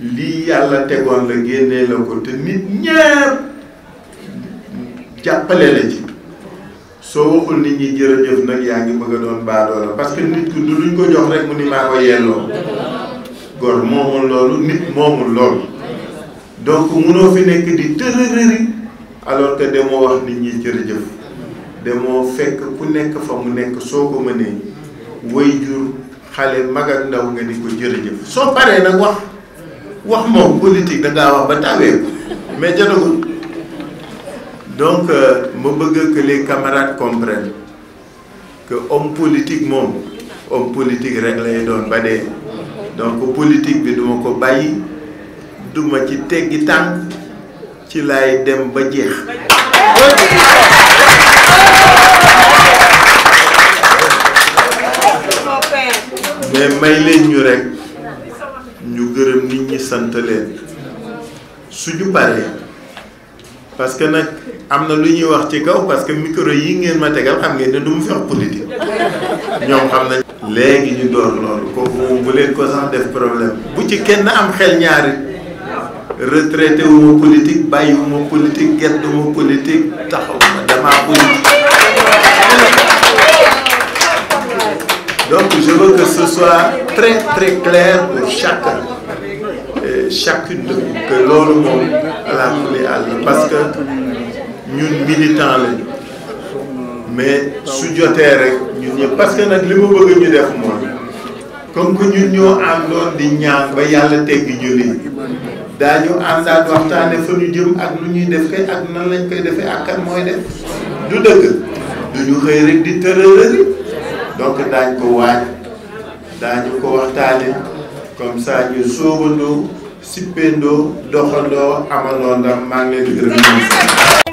lii yàlla tegoon la génnee la ko te nit ñépp jàppale la ci soo waxul nit ñi jërëjëf nag yaa ngi bëgg a doon baadoola parce que nit ku du luñ ko jox rek mu ni maa ko yelloo gor moomul loolu nit moomul loolu donc munoo fi nekk di tërërëri alors que demoo wax nit ñi jërëjëf demoo fekk ku nekk fa mu nekk soo ko mënee way jur xale mag ak ndaw nga ni ko jërëjëf soo paree nag wax wax moom politique da wax ba tawee mais jotagul donc euh, ma bëgg que les camarades comprennent que homme politique moom homme politique rek lay doon ba dee donc politique bi duma ko bàyyi duma ci teggi tànk ci laay dem ba jeex mais may leen ñu rek ñu gërëm nit ñi sant leen suñu paree parce que nag am na lu ñuy wax ci kaw parce que micro yi ngeen ma tegal xam ngeen ne mu fi wax politique xam nañ. léegi ñu door loolu kooku moom bu leen ko sax def problème bu ci kenn am xel ñaari retraité wu ma politique bàyyi wu ma politique gedd soit très très clair pour chaque et euh, chacune de que loolu moom ala kulli àll parce ñun militant lañu mais su jotee rek ñun ñëpp parce que nag li ma bëgg ñu def mooy comme que ñun ñoo àndoon di ñaan ba yàlla tegg ñu lii daañu àndaat waxtaane fa ñu jëm ak lu ñuy def kay ak nan lañ koy defee ak kan mooy def du dëgg du xëy rek di tërërëri donc daañ ko waaj daañu ko waxtaane comme ça ñu sóobandoo sippendoo doxandoo amandoo ndam maa ngi leen di gërëm